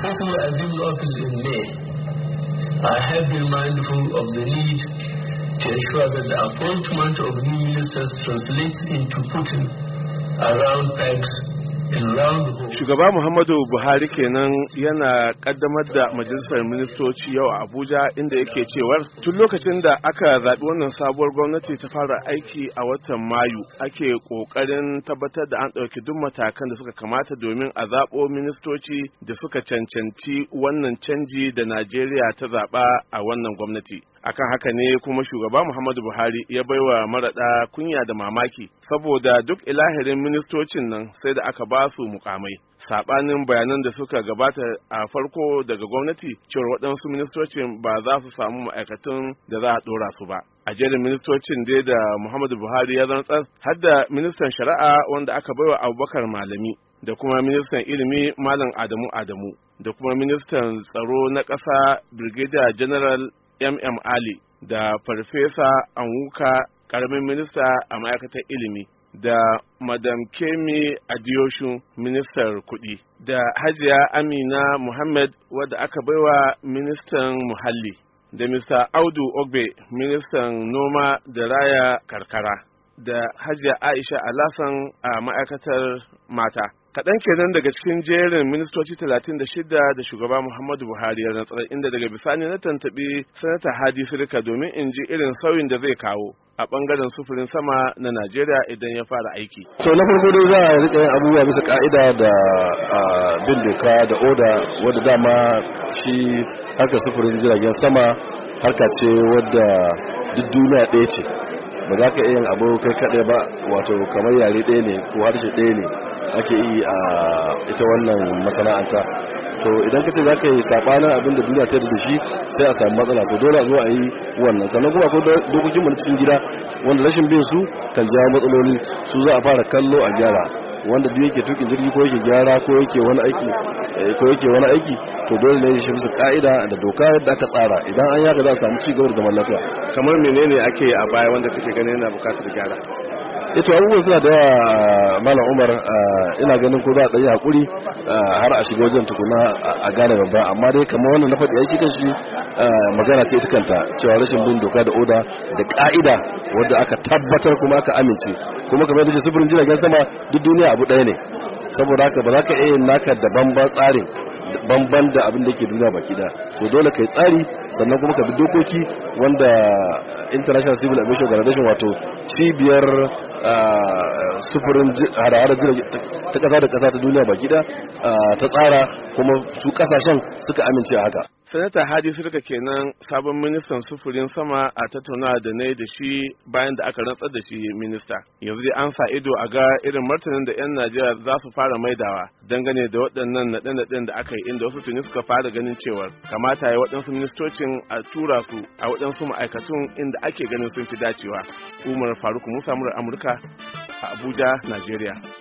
People are giving office in May. I have been mindful of the need to ensure that the appointment of new ministers translates into putting around pegs Shugaba Muhammadu Buhari kenan yana kaddamar da majalisar ministoci yau a Abuja inda yake cewar tun lokacin da aka zaɓi wannan sabuwar gwamnati ta fara aiki a watan Mayu ake ƙoƙarin tabbatar da an ɗauki duk matakan da suka kamata domin a zaɓo ministoci da suka cancanci wannan canji da Najeriya ta zaɓa a wannan gwamnati. akan haka ne kuma shugaba muhammadu buhari ya baiwa marada kunya da mamaki saboda duk ilahirin ministocin nan sai da aka ba su mukamai sabanin bayanan da suka gabata a farko daga gwamnati cewar waɗansu ministocin ba za su samu ma'aikatan da za a ɗora su ba a jerin ministocin dai da muhammadu buhari ya rantsar har da ministan shari'a wanda aka baiwa abubakar malami da kuma ministan ilimi malam adamu adamu da kuma ministan tsaro na ƙasa brigadier general mm ali da farfesa anwuka karamin minista a ma'aikatar ilimi da madam kemi adiyoshu ministar kudi da hajiya amina muhammad wadda aka baiwa ministan muhalli da mr audu ogbe ministan noma da raya karkara da hajiya aisha alasan a ma'aikatar mata kaɗan kenan daga cikin jerin ministoci 36 da shugaba muhammadu buhari ya rantsar inda daga bisani na tantabi sanata hadi sirka domin in ji irin sauyin da zai kawo a bangaren sufurin sama na najeriya idan ya fara aiki so na farko dai za a riƙe abubuwa bisa ka'ida da bin doka da oda wadda dama shi harka sufurin jiragen sama harka ce wadda duk duniya ɗaya ce ba za ka iya yin abu kai kaɗai ba wato kamar yare ɗaya ne ko harshe ɗaya ne ake yi a ita wannan masana'anta to idan ka ce za ka yi sabanin abin da duniya ta da shi sai a samu matsala to dole a zo a yi wannan sannan kuma akwai dokokin mana cikin gida wanda rashin bin su kan jawo matsaloli su za a fara kallo a gyara wanda duk yake tukin jirgi ko yake gyara ko yake wani aiki eh, ko yake wani aiki to dole ne shi bisa ka'ida da doka yadda aka tsara idan an yaka za a samu ci gaba da zaman lafiya kamar menene ake a baya wanda kake ganin yana bukatar gyara ito eh, abubuwan suna da yawa malam umar ah, ina ganin ko za a tsaye hakuri ah, har a shiga wajen tukuna a gane babba amma dai kamar wannan na faɗi ya shi kan shi ah, magana ce tukanta cewa rashin bin doka da oda da ka'ida wadda aka tabbatar kuma aka amince kuma kamar yadda sufurin jiragen sama duk duniya abu ɗaya ne saboda haka ba za ka iya yin naka da bamban tsarin bamban da abin da ke duniya baki da so dole kai tsari sannan kuma ka bi dokoki wanda international civil aviation organization wato cibiyar sufurin hare-hare ta ƙasa da kasa ta duniya baki da ta tsara kuma su ƙasashen suka amince haka sanata hadi sirka kenan sabon ministan sufurin sama a tattaunawa da na da shi bayan da aka rantsar da shi minista yanzu dai an sa ido a ga irin martanin da 'yan najeriya za su fara maidawa dangane da waɗannan naɗe-naɗen da aka yi inda wasu tuni suka fara ganin cewar kamata ya waɗansu ministocin a tura su a waɗansu ma'aikatun inda ake ganin sun fi dacewa umar faruk musa murar amurka a abuja najeriya